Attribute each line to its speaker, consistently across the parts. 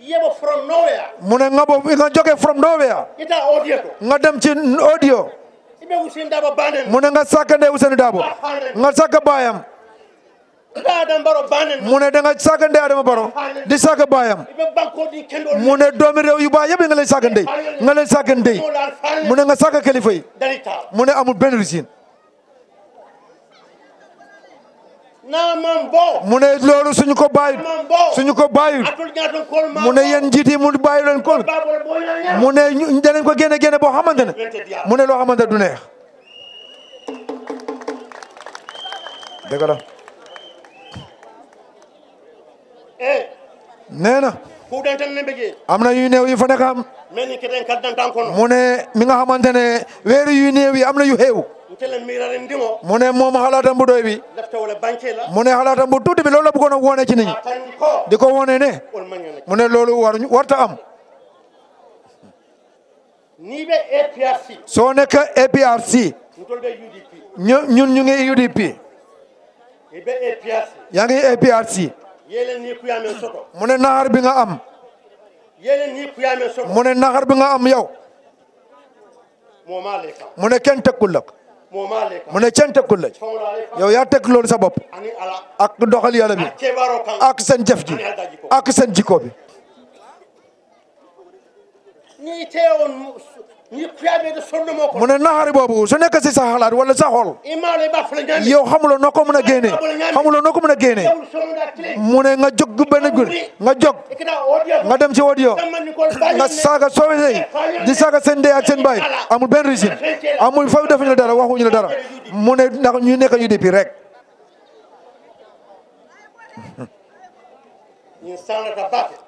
Speaker 1: yeba from mu ne nga bo nga jóge from nowhere nga dem ci audio ibe Ousainou Darboe banden mu ne nga sàkkande Ousainou Darboe ah, nga sàkk baayam mu ne danga sàkkande Adama Barrow ah, di sàkk baayam mu ne doomi réew yu baax yëpp nga leen sàkkande nga leen sàkkande mu ne nga sàkk kilifa yi mu ne amul benn risine mu ne loolu suñu ko bàyyi suñu ko bàyyi mu ne yéen njiit yi mu bàyyi leen ko mu ne danañ ko génne génne boo xamante ne mu ne loo xamante du neex dëgg la eh. nee na am na yu néew yi fa nekk am mu ne mi nga xamante ne weeru yu néew yi am na yu xeew mu ne moom xalaatam bu doy bi mu ne xalaatam bu tuuti bi loolu la bëggoon a wone ci nit o di ko wone ne mu ne lool waruñu warta am soo nekk APRC ñu ñun ñu ngi UDP yaa ngi APRC mu ne naxar bi nga am mu ne naxar bi nga am yow mu ne kenn tekkul la mu ne ceen teg ko la yow yaa teg loolu sa bopp ak doxal yàlla ak seen jëf ji ak seen jikko mu ne naxari boobu su nekk si sa xalaat wala sa xol yow xamuloo noo ko mën a génne xamuloo noo ko mën a génne mu ne nga jóg benn gul nga jóg nga dem ci audio nga saaga soowe say di saaga seen ndey ak seen baay amul benn régime amul foofu defuñu la dara waxuñu la dara mu ne ndax ñu nekk UDP rek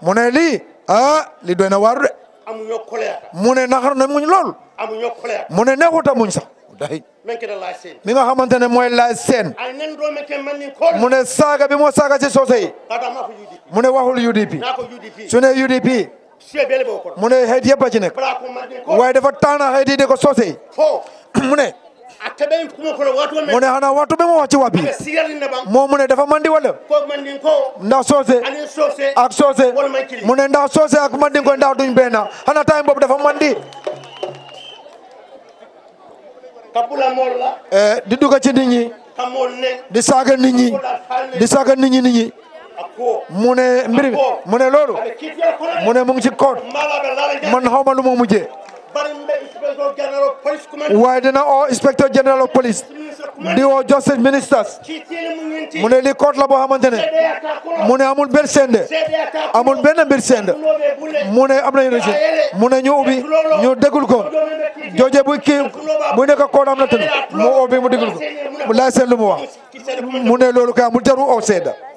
Speaker 1: mu ne lii ah li doy na waaru de amuñoo colère mu ne naxar na muñ lool amuñoo colère mu ne neexuta muñ sax day mi nga xamante ne mooy laaj seen mu ne saaga bi moo saaga si soose yi mu ne waxul UDP su ne UDP mu ne xeet yëpp a ci nekk waaye dafa taana xeet yi di ko soose yi mu ne mu ne xanaa waxtu bi mu wax ci wabi moo mu ne dafa mandi wala ndax soose ak soose mu ne ndax soose ak mandinko ndax duñ benn xanaa time boobu dafa mandi eh di dugg ci nit ñi di saaga nit ñi di saaga nit ñi nit ñi mu mbir mu ne loolu mu ne mu ngi ci koot man xaw ma lu mu waaye dina oo inspecteur général of police di woo justice ministers mu ne lii court la boo xamante ne mu ne amul benn amul benn mbir sende mu ne am nañu rejet mu ne ñu ubbi ñu déglu ko jooje bu kii bu nekk koon am na tamit mu ubbi mu déglu ko mu laaj seen mu wax mu ne loolu kay amul jaru oo sedda